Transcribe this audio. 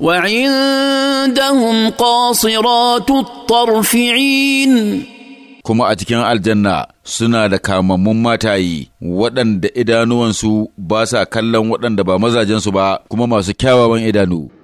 وعندهم قاصرات الطرف عين kuma a cikin aljanna suna da kamammun mataye waɗanda idanuwansu ba sa kallon waɗanda ba mazajensu ba kuma masu kyawawan idanu